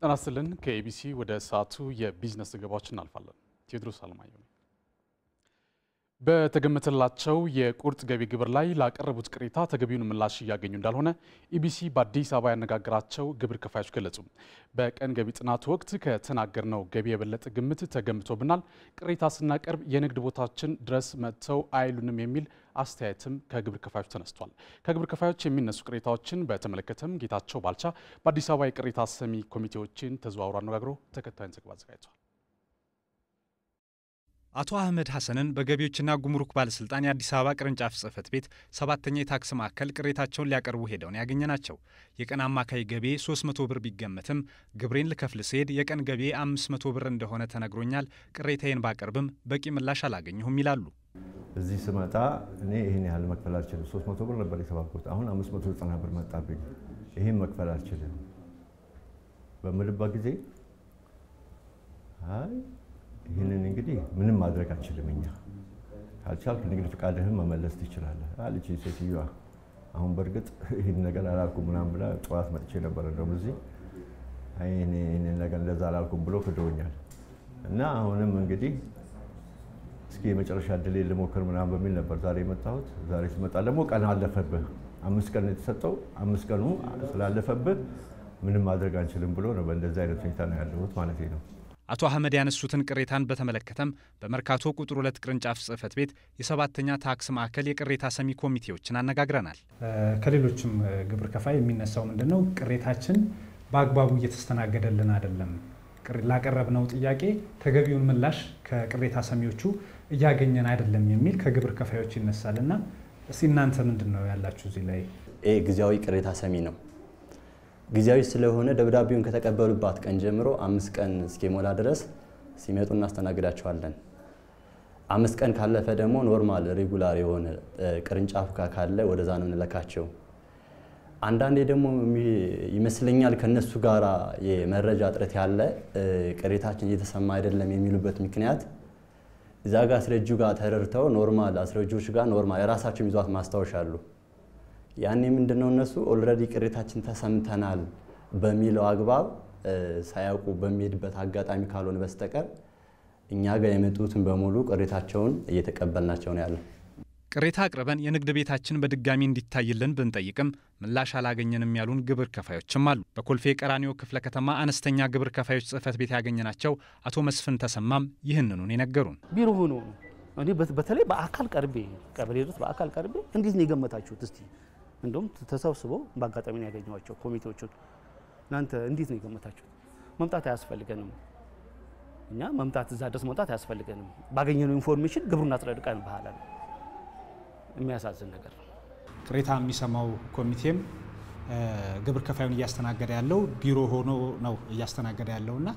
ጤና ይስጥልን። ከኤቢሲ ወደ ሰዓቱ የቢዝነስ ዘገባዎች እናልፋለን። ቴዎድሮስ አለማየሁ ነው። በተገመተላቸው የቁርጥ ገቢ ግብር ላይ ላቀረቡት ቅሬታ ተገቢውን ምላሽ እያገኙ እንዳልሆነ ኢቢሲ በአዲስ አበባ ያነጋገራቸው ግብር ከፋዮች ገለጹ። በቀን ገቢ ጥናት ወቅት ከተናገርነው ገቢ የበለጠ ግምት ተገምቶብናል፣ ቅሬታ ስናቀርብ የንግድ ቦታችን ድረስ መጥተው አይሉንም የሚል አስተያየትም ከግብር ከፋዮች ተነስቷል። ከግብር ከፋዮች የሚነሱ ቅሬታዎችን በተመለከተም ጌታቸው ባልቻ በአዲስ አበባ የቅሬታ ሰሚ ኮሚቴዎችን ተዘዋውሮ አነጋግሮ ተከታዩን ዘገባ አዘጋጅቷል። አቶ አህመድ ሐሰንን በገቢዎችና ጉምሩክ ባለስልጣን የአዲስ አበባ ቅርንጫፍ ጽህፈት ቤት ሰባተኛ የታክስ ማዕከል ቅሬታቸውን ሊያቀርቡ ሄደውን ያገኘ ናቸው። የቀን አማካይ ገቢ 300 ብር ቢገመትም ግብሬን ልከፍል ስሄድ የቀን ገቢ 500 ብር እንደሆነ ተነግሮኛል። ቅሬታዬን ባቀርብም በቂ ምላሽ አላገኘሁም ይላሉ። እዚህ ስመጣ እኔ ይህን ያህል መክፈል አልችልም። ሶስት መቶ ብር ነበር የተባልኩት፣ አሁን አምስት መቶ ብር መጣብኝ። ይህን መክፈል አልችልም በምልባ ጊዜ አይ ይህንን እንግዲህ ምንም ማድረግ አልችልም እኛ ካልቻልክ ንግድ ፈቃድህን መመለስ ትችላለህ አለች ሴትዮዋ። አሁን በእርግጥ ይህን ነገር አላልኩም ምናምን ብላ ጠዋት መጥቼ ነበረ እንደውም እዚህ ይህን ነገር እንደዛ አላልኩም ብሎ ክደውኛል። እና አሁንም እንግዲህ እስኪ የመጨረሻ እድሌ ልሞክር ምናምን በሚል ነበር ዛሬ የመጣሁት። ዛሬ ስመጣ ደግሞ ቀን አለፈብህ፣ አምስት ቀን የተሰጠው አምስት ቀኑ ስላለፈብህ ምንም ማድረግ አንችልም ብሎ ነው። በእንደዚህ አይነት ሁኔታ ነው ያለሁት ማለት ነው። አቶ አህመድ ያነሱትን ቅሬታን በተመለከተም በመርካቶ ቁጥር ሁለት ቅርንጫፍ ጽህፈት ቤት የሰባተኛ ታክስ ማዕከል የቅሬታ ሰሚ ኮሚቴዎችን አነጋግረናል። ከሌሎችም ግብር ከፋይ የሚነሳው ምንድን ነው? ቅሬታችን በአግባቡ እየተስተናገደልን አይደለም ላቀረብነው ጥያቄ ተገቢውን ምላሽ ከቅሬታ ሰሚዎቹ እያገኘን አይደለም የሚል ከግብር ከፋዮች ይነሳል እና እስኪ እናንተ ምንድን ነው ያላችሁ እዚህ ላይ? ይሄ ጊዜያዊ ቅሬታ ሰሚ ነው። ጊዜያዊ ስለሆነ ደብዳቤውን ከተቀበሉባት ቀን ጀምሮ አምስት ቀን እስኪሞላ ድረስ ሲመጡ እናስተናግዳቸዋለን። አምስት ቀን ካለፈ ደግሞ ኖርማል ሬጉላር የሆነ ቅርንጫፍ ካለ ወደዛ ነው የምንለካቸው። አንዳንዴ ደግሞ ይመስለኛል ከነሱ ጋር የመረጃ እጥረት ያለ ቅሬታችን እየተሰማ አይደለም የሚሉበት ምክንያት እዛ ጋር አስረጁ ጋር ተረድተው ኖርማል አስረጆች ጋር ኖርማል የራሳቸው ይዟት ማስታወሻ አሉ። ያኔ ምንድነው እነሱ ኦልረዲ ቅሬታችን ተሰምተናል በሚለው አግባብ ሳያውቁ በሚሄድበት አጋጣሚ ካልሆነ በስተቀር እኛ ጋር የመጡትን በሙሉ ቅሬታቸውን እየተቀበልናቸው ነው ያለን። ቅሬታ አቅርበን የንግድ ቤታችን በድጋሚ እንዲታይልን ብንጠይቅም ምላሽ አላገኘንም ያሉን ግብር ከፋዮችም አሉ። በኮልፌ ቀራኒዮ ክፍለ ከተማ አነስተኛ ግብር ከፋዮች ጽህፈት ቤት ያገኘናቸው አቶ መስፍን ተሰማም ይህንኑን የነገሩን ቢሮ ሆኖ እኔ በተለይ በአካል ቀርቤ ቀበሌ ድረስ በአካል ቀርቤ እንዴት ነው የገመታችሁት? እስቲ እንደውም ተሰብስበው በአጋጣሚ ነው ያገኘኋቸው ኮሚቴዎቹን። እናንተ እንዴት ነው የገመታችሁት? መምጣት አያስፈልገንም እኛ መምጣት እዛ ድረስ መምጣት አያስፈልገንም። ባገኘነው ኢንፎርሜሽን ግብሩን አጽደድቀን ባህላል የሚያሳዝን ነገር ነው። ቅሬታ የሚሰማው ኮሚቴም ግብር ከፋዩን እያስተናገደ ያለው ቢሮ ሆኖ ነው እያስተናገደ ያለው እና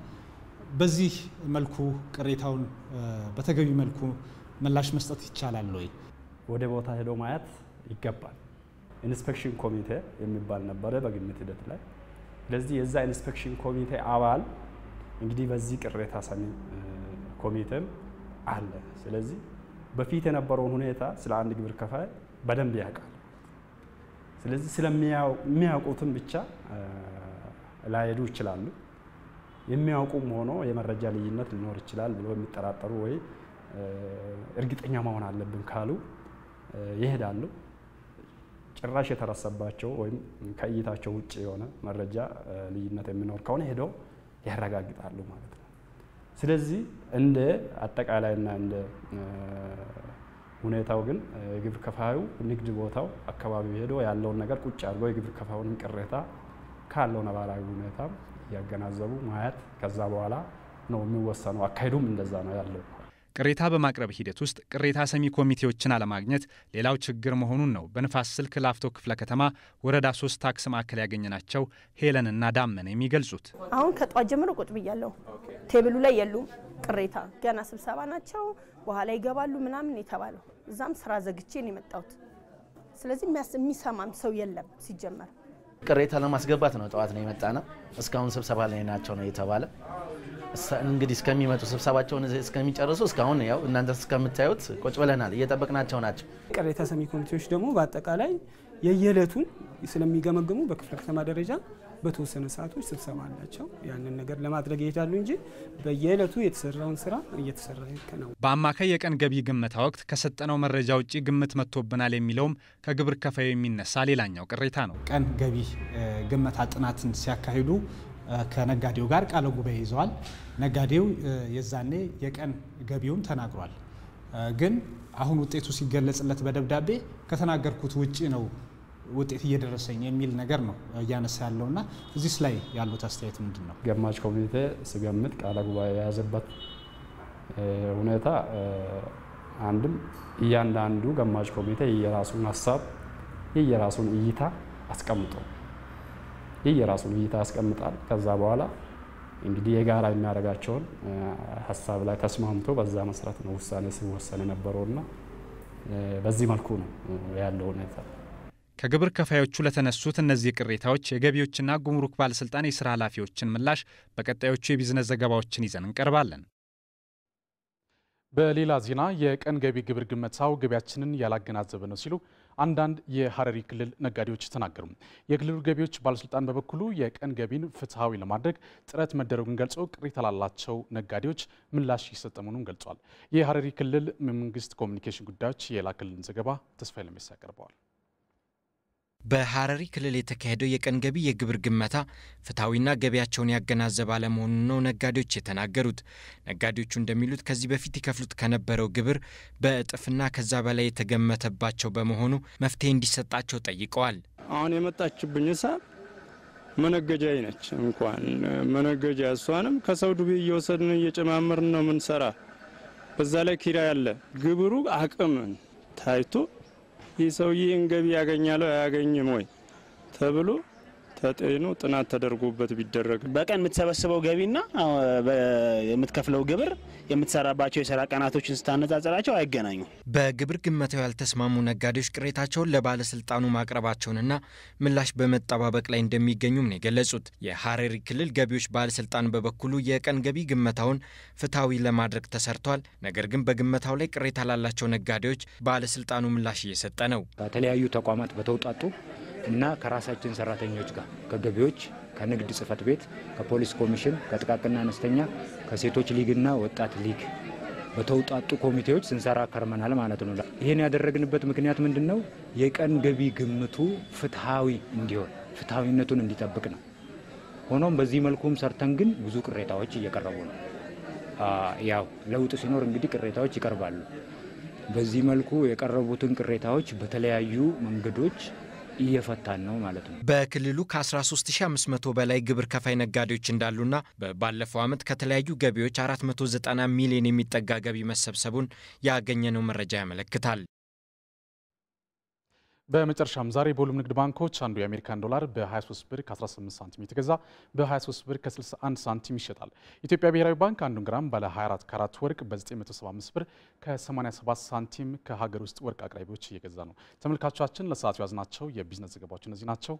በዚህ መልኩ ቅሬታውን በተገቢ መልኩ ምላሽ መስጠት ይቻላል ወይ? ወደ ቦታ ሄዶ ማየት ይገባል። ኢንስፔክሽን ኮሚቴ የሚባል ነበረ በግምት ሂደት ላይ። ስለዚህ የዛ ኢንስፔክሽን ኮሚቴ አባል እንግዲህ በዚህ ቅሬታ ሰሚ ኮሚቴም አለ። ስለዚህ በፊት የነበረውን ሁኔታ ስለ አንድ ግብር ከፋይ በደንብ ያውቃል። ስለዚህ ስለሚያውቁትን ብቻ ላይሄዱ ይችላሉ። የሚያውቁም ሆኖ የመረጃ ልዩነት ሊኖር ይችላል ብሎ የሚጠራጠሩ ወይ እርግጠኛ መሆን አለብን ካሉ ይሄዳሉ። ጭራሽ የተረሰባቸው ወይም ከእይታቸው ውጭ የሆነ መረጃ ልዩነት የሚኖር ከሆነ ሄደው ያረጋግጣሉ ማለት ነው። ስለዚህ እንደ አጠቃላይና እንደ ሁኔታው ግን የግብር ከፋዩ ንግድ ቦታው አካባቢ ሄዶ ያለውን ነገር ቁጭ አድርጎ የግብር ከፋዩን ቅሬታ ካለው ነባራዊ ሁኔታ እያገናዘቡ ማየት ከዛ በኋላ ነው የሚወሰነው። አካሄዱም እንደዛ ነው ያለው። ቅሬታ በማቅረብ ሂደት ውስጥ ቅሬታ ሰሚ ኮሚቴዎችን አለማግኘት ሌላው ችግር መሆኑን ነው በንፋስ ስልክ ላፍቶ ክፍለ ከተማ ወረዳ ሶስት ታክስ ማዕከል ያገኘናቸው ሄለንና ዳመነ የሚገልጹት። አሁን ከጠዋት ጀምሮ ቁጭ ብያለሁ። ቴብሉ ላይ የሉም ቅሬታ ገና ስብሰባ ናቸው፣ በኋላ ይገባሉ ምናምን የተባለው እዛም ስራ ዘግቼ ነው የመጣሁት። ስለዚህ የሚሰማም ሰው የለም ሲጀመር ቅሬታ ለማስገባት ነው ጠዋት ነው የመጣ ነው። እስካሁን ስብሰባ ላይ ናቸው ነው የተባለ። እንግዲህ እስከሚመጡ ስብሰባቸውን እስከሚጨርሱ እስካሁን ያው እናንተ እስከምታዩት ቁጭ ብለናል፣ እየጠበቅናቸው ናቸው። ቅሬታ ሰሚ ኮሚቴዎች ደግሞ በአጠቃላይ የየዕለቱን ስለሚገመግሙ በክፍለ ከተማ ደረጃ በተወሰነ ሰዓቶች ስብሰባ አላቸው። ያንን ነገር ለማድረግ ይሄዳሉ እንጂ በየዕለቱ የተሰራውን ስራ እየተሰራ ነው። በአማካይ የቀን ገቢ ግምታ ወቅት ከሰጠነው መረጃ ውጭ ግምት መጥቶብናል የሚለውም ከግብር ከፋዩ የሚነሳ ሌላኛው ቅሬታ ነው። ቀን ገቢ ግምታ ጥናትን ሲያካሂዱ ከነጋዴው ጋር ቃለ ጉባኤ ይዘዋል። ነጋዴው የዛኔ የቀን ገቢውን ተናግሯል። ግን አሁን ውጤቱ ሲገለጽለት በደብዳቤ ከተናገርኩት ውጭ ነው ውጤት እየደረሰኝ የሚል ነገር ነው እያነሳ ያለው እና እዚህስ ላይ ያሉት አስተያየት ምንድን ነው? ገማች ኮሚቴ ስገምት ቃለ ጉባኤ የያዘበት ሁኔታ አንድም እያንዳንዱ ገማች ኮሚቴ የየራሱን ሀሳብ የየራሱን እይታ አስቀምጦ ይህ የራሱን እይታ ያስቀምጣል። ከዛ በኋላ እንግዲህ የጋራ የሚያደርጋቸውን ሀሳብ ላይ ተስማምቶ በዛ መሰረት ነው ውሳኔ ሲወሰን የነበረውና በዚህ መልኩ ነው ያለው ሁኔታ። ከግብር ከፋዮቹ ለተነሱት እነዚህ ቅሬታዎች የገቢዎችና ጉምሩክ ባለስልጣን የስራ ኃላፊዎችን ምላሽ በቀጣዮቹ የቢዝነስ ዘገባዎችን ይዘን እንቀርባለን። በሌላ ዜና የቀን ገቢ ግብር ግመታው ገቢያችንን ያላገናዘበ ነው ሲሉ አንዳንድ የሀረሪ ክልል ነጋዴዎች ተናገሩ። የክልሉ ገቢዎች ባለስልጣን በበኩሉ የቀን ገቢን ፍትሐዊ ለማድረግ ጥረት መደረጉን ገልጾ ቅሬታ ላላቸው ነጋዴዎች ምላሽ እየሰጠ መሆኑን ገልጿል። የሐረሪ ክልል መንግስት ኮሚኒኬሽን ጉዳዮች የላከልን ዘገባ ተስፋዬ ለሜሳ ያቀርበዋል። በሐረሪ ክልል የተካሄደው የቀን ገቢ የግብር ግመታ ፍትሐዊና ገቢያቸውን ያገናዘበ አለመሆኑን ነው ነጋዴዎች የተናገሩት። ነጋዴዎቹ እንደሚሉት ከዚህ በፊት ይከፍሉት ከነበረው ግብር በእጥፍና ከዛ በላይ የተገመተባቸው በመሆኑ መፍትሄ እንዲሰጣቸው ጠይቀዋል። አሁን የመጣችብኝ ሳ መነገጃዬ ነች። እንኳን መነገጃ እሷንም ከሰው ዱቤ እየወሰድን እየጨማመርን ነው ምንሰራ። በዛ ላይ ኪራይ አለ። ግብሩ አቅምን ታይቶ ይህ ሰውዬ ይህን ገቢ ያገኛል አያገኝም ወይ ተብሎ ተጤኖ ጥናት ተደርጎበት ቢደረግ በቀን የምትሰበስበው ገቢና የምትከፍለው ግብር የምትሰራባቸው የስራ ቀናቶችን ስታነጻጽራቸው አይገናኙም። በግብር ግመታው ያልተስማሙ ነጋዴዎች ቅሬታቸውን ለባለስልጣኑ ማቅረባቸውንና ምላሽ በመጠባበቅ ላይ እንደሚገኙም ነው የገለጹት። የሀረሪ ክልል ገቢዎች ባለስልጣን በበኩሉ የቀን ገቢ ግመታውን ፍትሐዊ ለማድረግ ተሰርቷል፣ ነገር ግን በግመታው ላይ ቅሬታ ላላቸው ነጋዴዎች ባለስልጣኑ ምላሽ እየሰጠ ነው። በተለያዩ ተቋማት በተውጣጡ እና ከራሳችን ሰራተኞች ጋር ከገቢዎች፣ ከንግድ ጽህፈት ቤት፣ ከፖሊስ ኮሚሽን፣ ከጥቃቅና አነስተኛ፣ ከሴቶች ሊግና ወጣት ሊግ በተውጣጡ ኮሚቴዎች ስንሰራ ከርመናል ማለት ነው። ይህን ያደረግንበት ምክንያት ምንድን ነው? የቀን ገቢ ግምቱ ፍትሐዊ እንዲሆን ፍትሐዊነቱን እንዲጠብቅ ነው። ሆኖም በዚህ መልኩም ሰርተን ግን ብዙ ቅሬታዎች እየቀረቡ ነው። ያው ለውጥ ሲኖር እንግዲህ ቅሬታዎች ይቀርባሉ። በዚህ መልኩ የቀረቡትን ቅሬታዎች በተለያዩ መንገዶች እየፈታን ነው ማለት ነው። በክልሉ ከ13500 በላይ ግብር ከፋይ ነጋዴዎች እንዳሉና ባለፈው ዓመት ከተለያዩ ገቢዎች 490 ሚሊዮን የሚጠጋ ገቢ መሰብሰቡን ያገኘነው መረጃ ያመለክታል። በመጨረሻም ዛሬ በሁሉም ንግድ ባንኮች አንዱ የአሜሪካን ዶላር በ23 ብር ከ18 ሳንቲም የተገዛ በ23 ብር ከ61 ሳንቲም ይሸጣል። ኢትዮጵያ ብሔራዊ ባንክ አንዱን ግራም ባለ 24 ካራት ወርቅ በ975 ብር ከ87 ሳንቲም ከሀገር ውስጥ ወርቅ አቅራቢዎች እየገዛ ነው። ተመልካቾቻችን ለሰዓት ያዝናቸው የቢዝነስ ዘገባዎች እነዚህ ናቸው።